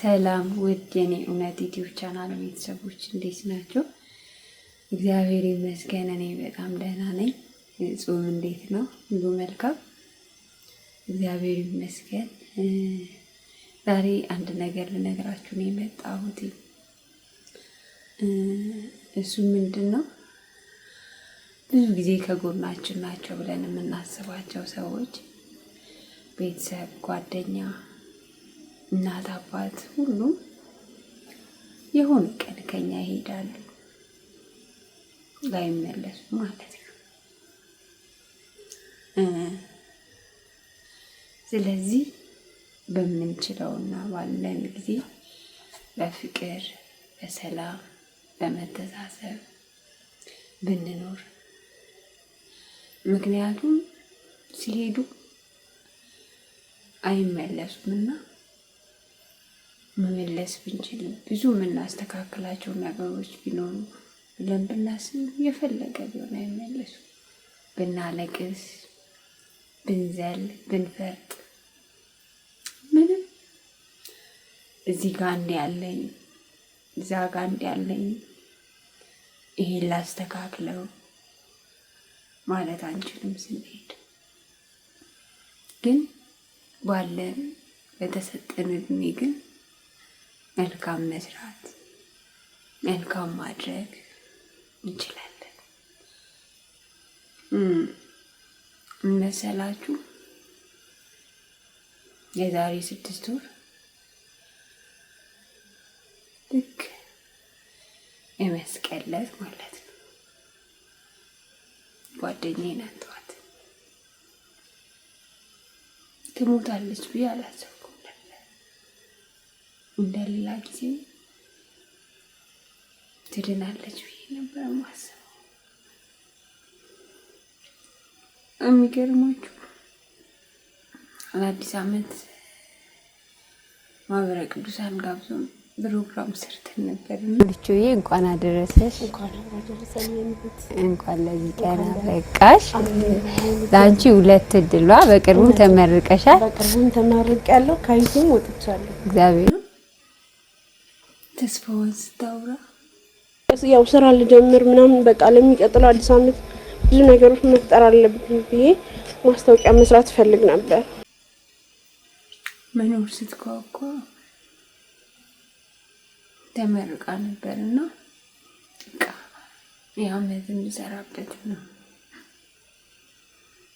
ሰላም ውድ የኔ እውነት ዩቲዩብ ቻናል ቤተሰቦች እንዴት ናቸው? እግዚአብሔር ይመስገን እኔ በጣም ደህና ነኝ። ጾም እንዴት ነው? ሁሉ መልካም እግዚአብሔር ይመስገን። ዛሬ አንድ ነገር ልነግራችሁ ነው የመጣሁት። እሱ ምንድን ነው? ብዙ ጊዜ ከጎናችን ናቸው ብለን የምናስባቸው ሰዎች ቤተሰብ፣ ጓደኛ እናት አባት ሁሉም የሆነ ቀን ከኛ ይሄዳሉ፣ ላይመለሱ ማለት ነው። ስለዚህ በምንችለውና ባለን ጊዜ በፍቅር በሰላም በመተሳሰብ ብንኖር ምክንያቱም ሲሄዱ አይመለሱምና መመለስ ብንችል ብዙ የምናስተካክላቸው ነገሮች ቢኖሩ ብለን ብናስብ የፈለገ ቢሆን አይመለሱ። ብናለቅስ፣ ብንዘል፣ ብንፈርጥ ምንም እዚህ ጋ እንዲ ያለኝ እዛ ጋ እንዲ ያለኝ ይሄን ላስተካክለው ማለት አንችልም። ስንሄድ ግን ባለን በተሰጠን እድሜ ግን መልካም መስራት፣ መልካም ማድረግ እንችላለን። እመሰላችሁ የዛሬ ስድስት ወር ልክ የመስቀል ዕለት ማለት ነው ጓደኛዬን አጣኋት። ትሞታለች ብዬ አላሰብኩም። እንደሌላ ጊዜ ትድናለች ብዬ ነበረ ማሰብ። የሚገርማችሁ ለአዲስ ዓመት ማህበረ ቅዱሳን ፕሮግራም ሰርተን ነበር። ልጆዬ እንኳን አደረሰሽ፣ እንኳን ለዚህ ቀን ለአንቺ ሁለት እድሏ። በቅርቡም ተመርቀሻል። በቅርቡም ከይቱም ወጥቻለሁ። እግዚአብሔር ተስፋውን ስታውራ ያው ስራ ልጀምር ምናምን በቃ ለሚቀጥለው አዲስ አመት ብዙ ነገሮች መፍጠር አለብኝ ብዬ ማስታወቂያ መስራት ፈልግ ነበር። መኖር ስትጓጓ ተመርቃ ነበር እና በቃ የአመት እንሰራበት ነው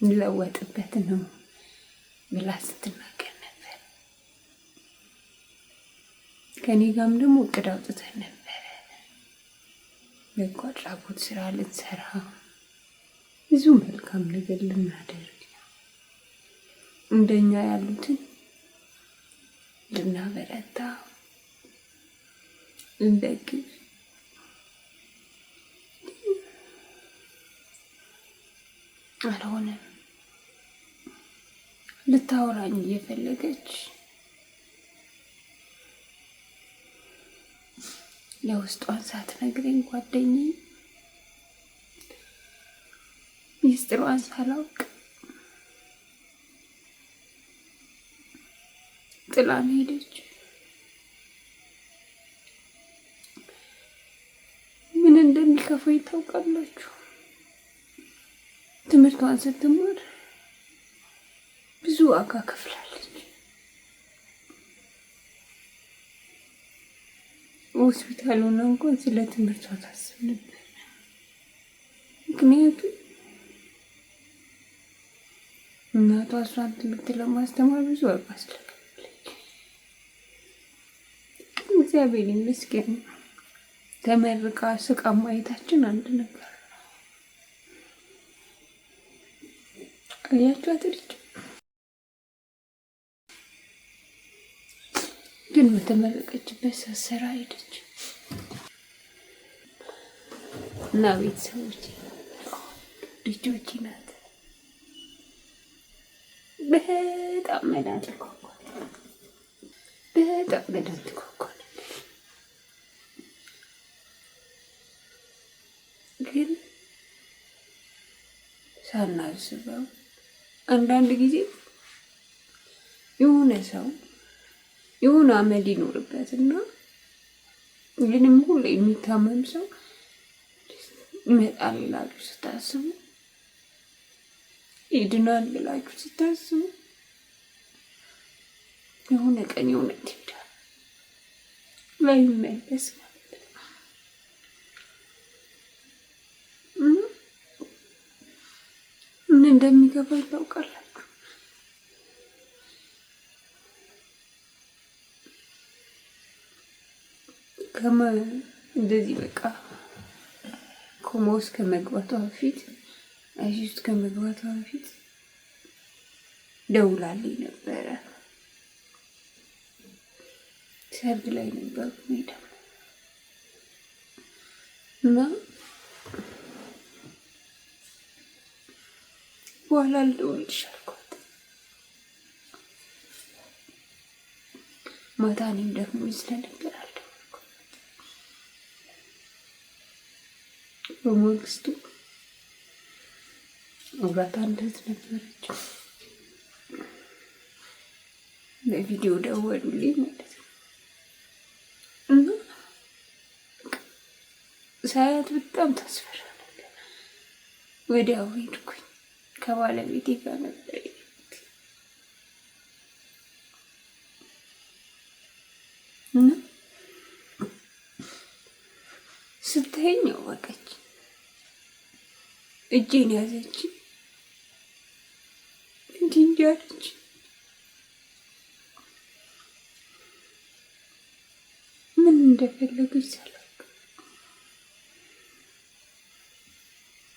እንለወጥበት ነው ብላ ስትናገር ከኔ ጋርም ደግሞ እቅድ አውጥተን ነበረ በጎ አድራጎት ስራ ልንሰራ ብዙ መልካም ነገር ልናደርግ እንደኛ ያሉትን ልናበረታ ልንደግፍ አልሆነም። ልታወራኝ እየፈለገች ለውስጧን ሳትነግረኝ ጓደኛዬ ሚስጥሯን ሳላውቅ ጥላ ሄደች። ምን እንደሚከፋኝ ታውቃላችሁ? ትምህርቷን ስትማር ብዙ ዋጋ ከፍላለች። ሆስፒታል ሆነ እንኳን ስለ ትምህርቱ አታስብ ነበር። ምክንያቱም እናቷ እሷን ትምህርት ለማስተማር ብዙ ወርቅ አስለቀለች። እግዚአብሔር ይመስገን ተመርቃ ስቃ ማየታችን አንድ ነገር አያችሁ አትልጭ ግን የምትመረቀችበት ሰዓት ሄደች እና ቤተሰቦች ልጆች ናት። በጣም መዳት ትጓጓለች። በጣም መዳት ትጓጓለች። ግን ሳናስበው አንዳንድ ጊዜ የሆነ ሰው የሆነ አመል ይኖርበት እና ይህንም ሁሉ የሚታመም ሰው ይመጣል ብላችሁ ስታስቡ ይድናል ብላችሁ ስታስቡ የሆነ ቀን የእውነት ይሄዳል ላይ መለስ ማለት ምን እንደሚገባ ይታውቃል። ከመ እንደዚህ በቃ ኮማ ውስጥ ከመግባቷ በፊት አይሲ ውስጥ ከመግባቷ በፊት ደውላልኝ ነበረ። ሰርግ ላይ ነበሩ ሜዳ እና በኋላ ልደውልልሽ አልኳት። ማታ እኔም ስለነበር በመንግስቱ አብራት አንድ እህት ነበረች። በቪዲዮ ደወሉልኝ ማለት ነው ሳያት በጣም ታስፈራለች ወዲያው ሄድኩኝ ከባለቤቴ ጋር ነበር እና ስትሄኝ አወቀች። እጄን ያዘች፣ እንዲህ እንዲህ አለች። ምን እንደፈለገች ሳላውቅ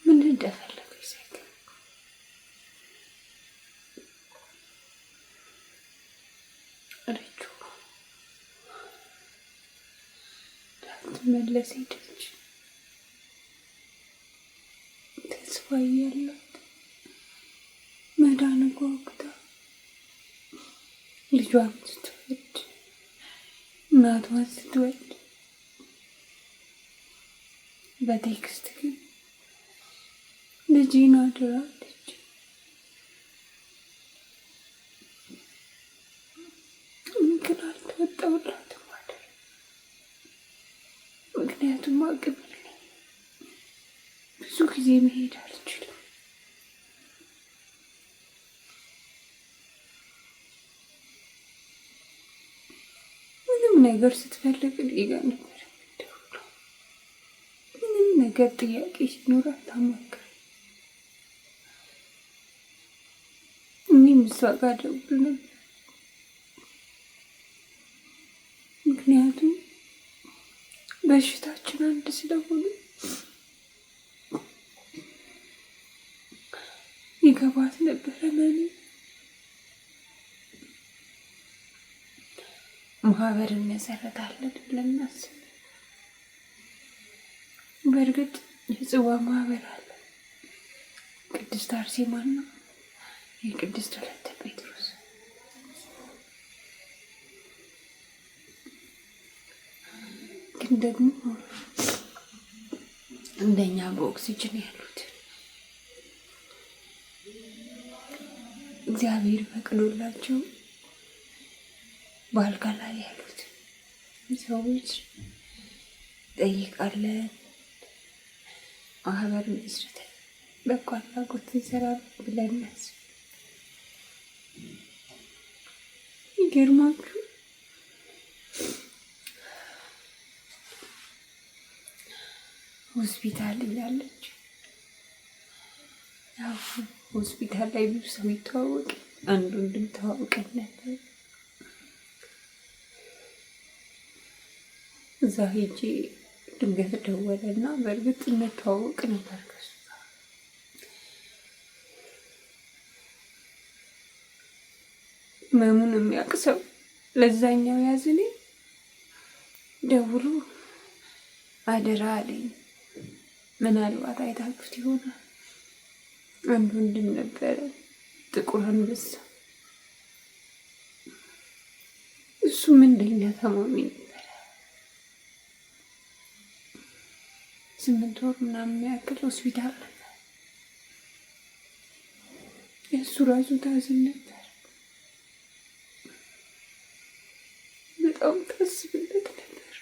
ምን እንደፈለገች ሳይገ ረጁ ዳትመለስ ሄደች። ተስፋ እያላት መዳን ጓጉታ ልጇን ስትወድ እናቷን ስትወድ በቴክስት ግን ልጄን አድራለች። ግን አልተወጣሁላትም አይደል? ምክንያቱም አቅም ብዙ ጊዜ መሄድ ነገር ስትፈልግ ሊጋ ነበር የምትደውለው። ምንም ነገር ጥያቄ ሲኖራት ታማክር። እኔም እሷ ጋር ደውል ነበር፣ ምክንያቱም በሽታችን አንድ ስለሆነ ይገባት ነበረ መኔ ማህበር እንመሰርታለን ብለን በእርግጥ የጽዋ ማህበር አለ። ቅድስት አርሴማና የቅድስት ወለተ ጴጥሮስ ግን ደግሞ እንደኛ በኦክሲጅን ያሉት እግዚአብሔር ፈቅዶላቸው በአልጋ ላይ ያሉት ሰዎች ጠይቃለን። ማህበር መስርተን በጎ አድራጎት እንሰራለን ብለን እናስብ። ይገርማችሁ ሆስፒታል እያለች ያው ሆስፒታል ላይ ብዙ ሰው ይተዋወቅ አንዱ እንድም ነበር እዛ ሄጄ ድንገት ደወለ እና በእርግጥ እንተዋወቅ ነበር ከሱ መሙን የሚያውቅ ሰው ለዛኛው ያዝኔ ደውሎ አደራ አለኝ። ምናልባት አይታችሁት ይሆናል። አንድ ወንድም ነበረ ጥቁር አንበሳ። እሱ ምንደኛ ታማሚ ነው። ስምንት ወር ምናምን ያክል ሆስፒታል ነበር። የእሱ ራሱ ታዝን ነበር። በጣም ታስብለት ነበር።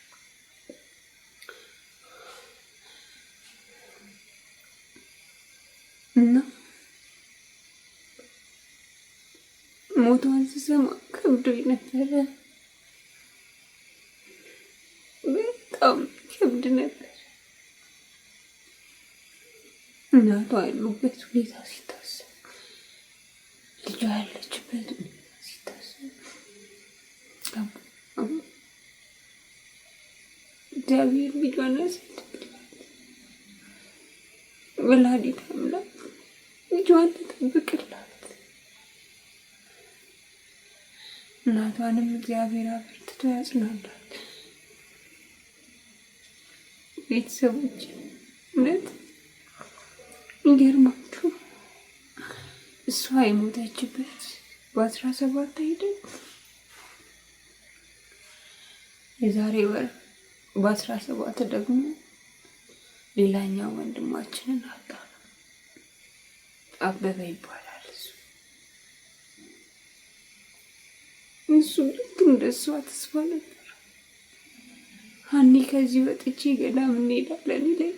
እና ሞቷን ስሰማ ከብዶኝ ነበረ። በጣም ከብድ ነበር። እናቷ ያሉበት ሁኔታ ሲታሰብ፣ ልጇ ያለችበት ሁኔታ ሲታሰብ እግዚአብሔር ልጇን ያሳድግላት። ወላዲተ አምላክ ልጇን ትጠብቅላት። እናቷንም እግዚአብሔር አበርትቶ ያጽናላት። ቤተሰቦች እውነት የሚገርማችሁ እሷ የሞተችበት በአስራ ሰባት አይደል? የዛሬ ወር በአስራ ሰባት ደግሞ ሌላኛው ወንድማችንን አጣ አበበ ይባላል። እሱ እሱ ልክ እንደ እሷ ተስፋ ነበር። አኔ ከዚህ ወጥቼ ገዳም እንሄዳለን ይለኝ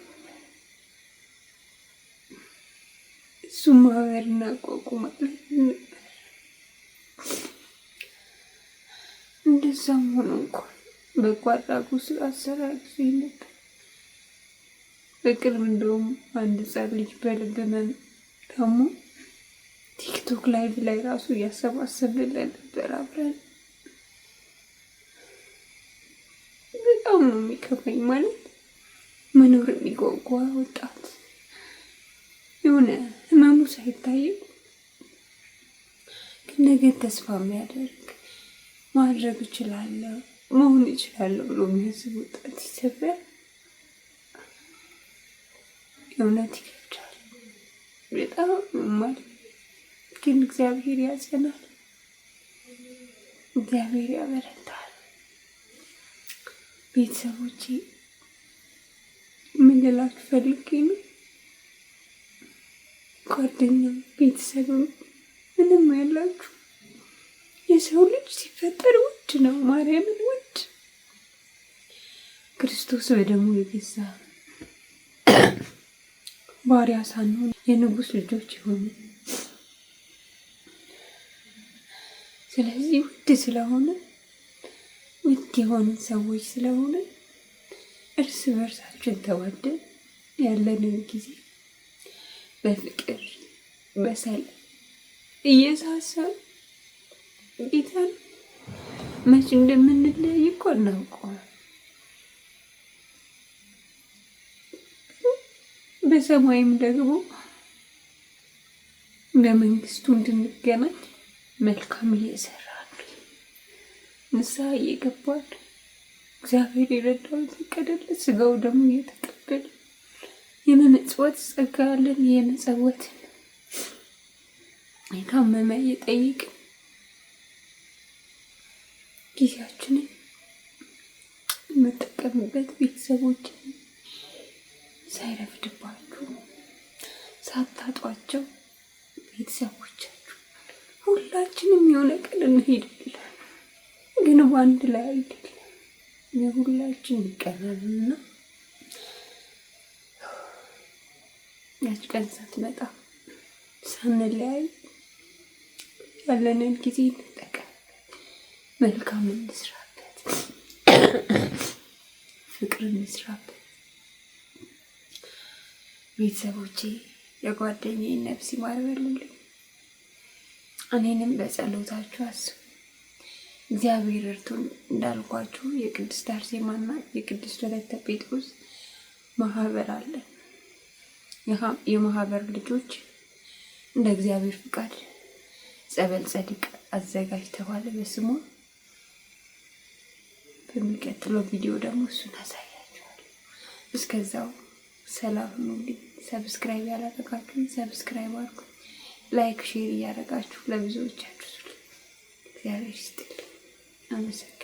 እሱ ማህበር እናቋቁማለን። እንደዛም ሆኖ እንኳን በጎ አድራጎት ስራ አሰራር ጊዜ ነበር። በቅርብ እንደውም አንድ ሕፃን ልጅ በልብ ህመም ታሞ ቲክቶክ ላይቭ ላይ ራሱ እያሰባሰብልን ነበር አብረን። በጣም ነው የሚከፋኝ ማለት መኖር የሚጓጓ ወጣት የሆነ አይታይም። ግን ነገን ተስፋ የሚያደርግ ማድረግ እችላለሁ መሆን እችላለሁ ብሎ የሚያስብ ወጣት ኢትዮጵያ የእውነት ይከብዳል በጣም ማል። ግን እግዚአብሔር ያጸናል፣ እግዚአብሔር ያበረታል። ቤተሰቦቼ ምን ልላችሁ ፈልጌ ነው ጓደኛ፣ ቤተሰብ ምንም ያላችሁ የሰው ልጅ ሲፈጠር ውድ ነው። ማርያምን ውድ ክርስቶስ በደሙ የገዛ ባሪያ ሳንሆን የንጉስ ልጆች የሆኑ ስለዚህ ውድ ስለሆነ ውድ የሆንን ሰዎች ስለሆነ እርስ በርሳችን ተዋደን ያለንን ጊዜ በፍቅር በሰላም እየሳሰብ ጌታን መች እንደምንለያይ እኮ እናውቀዋል። በሰማይም ደግሞ በመንግስቱ እንድንገናኝ መልካም እየሰራሉ ንስሐ እየገባል እግዚአብሔር የረዳውን ፈቀደለት ስጋው ደግሞ እየተቀበለ የመመጽወት ጸጋ ያለን የመጸወት የታመመ የጠይቅ ጊዜያችንን የምጠቀምበት ቤተሰቦችን ሳይረፍድባችሁ ሳታጧቸው ቤተሰቦቻችሁ ሁላችንም የሆነ ቀን እንሄዳለን፣ ግን በአንድ ላይ አይደለም። የሁላችን ይቀረብና ያች ቀን ሳትመጣ ሳንለያይ ያለንን ጊዜ እንጠቀም፣ መልካም እንስራበት፣ ፍቅር እንስራበት። ቤተሰቦቼ የጓደኛዬን ነፍስ ይማር በሉልኝ። እኔንም በጸሎታችሁ አስቡ። እግዚአብሔር እርቱን እንዳልኳችሁ የቅድስት አርሴማና የቅድስት ወለተ ጴጥሮስ ማህበር አለን። የማህበር ልጆች እንደ እግዚአብሔር ፍቃድ ጸበል ጸዲቅ አዘጋጅተዋል በስሙ። በሚቀጥለው ቪዲዮ ደግሞ እሱን አሳያችኋል። እስከዛው ሰላም ሁኑልኝ። ሰብስክራይብ ያላረጋችሁ ሰብስክራይብ አድርጉ። ላይክ ሼር እያደረጋችሁ ለብዙዎቻችሁ እግዚአብሔር ይስጥልኝ። አመሰግናለሁ።